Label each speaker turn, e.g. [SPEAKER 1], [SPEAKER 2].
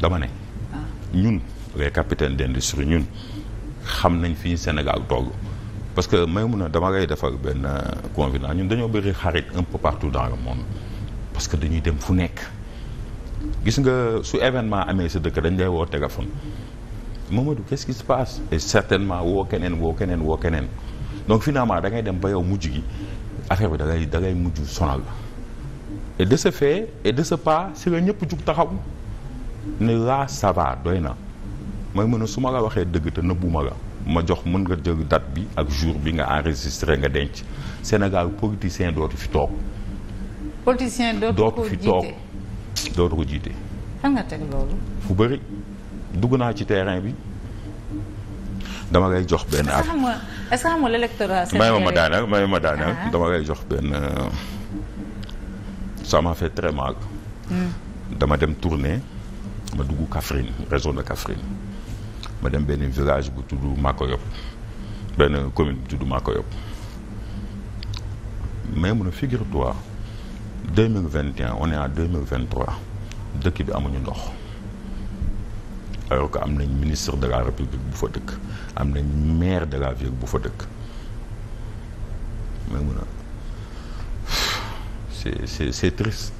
[SPEAKER 1] dama ne ñun les capitaines d'industrie ñun xam nañ fi Sénégal togg parce que may mun a dama ngay defar benn euh, convenant ñun dañoo bëri xarit un peu partout dans le monde parce que dañuy dem fu nekk gis nga su événement amee sa dëkk dañ lay woo téléphone Mamadou qu'est-ce qui se passe et certainement woo keneen woo keneen woo keneen donc finament da ngay dem ba yow mujj gi affaire bi da ngay da ngay mujj sonal et de ce fait et de ce pas si la ñëpp jug taxaw ne laa ça doy na mooy mën a su ma la waxee dëgg te nëbbuma la ma jox mën nga jël date bi ak jour bi nga enregistré nga denc Sénégal politicien dootu fi toog.
[SPEAKER 2] politicien dootu fi toog dootu ko jiite. fan nga teg
[SPEAKER 1] fu bëri dugg naa ci terrain bi dama lay jox benn. affaire
[SPEAKER 3] est-ce que xam ma daaneel
[SPEAKER 1] may ma daaneel ah. dama lay jox benn euh, ça m'a fait
[SPEAKER 3] hmm.
[SPEAKER 1] dama dem tourner. ma duggu Kaffrine région de Kaffrine ma dem benn village bu tudd Makoyop benn commune bu tudd Makoyop mais mun a figure-toi deux mille vingt et on est à deux mille dëkk bi amuñu ndox alors que am nañ ministre de la république bu fa dëkk am nañ maire de la ville bu fa dëkk mais mun a c'est c'est c'est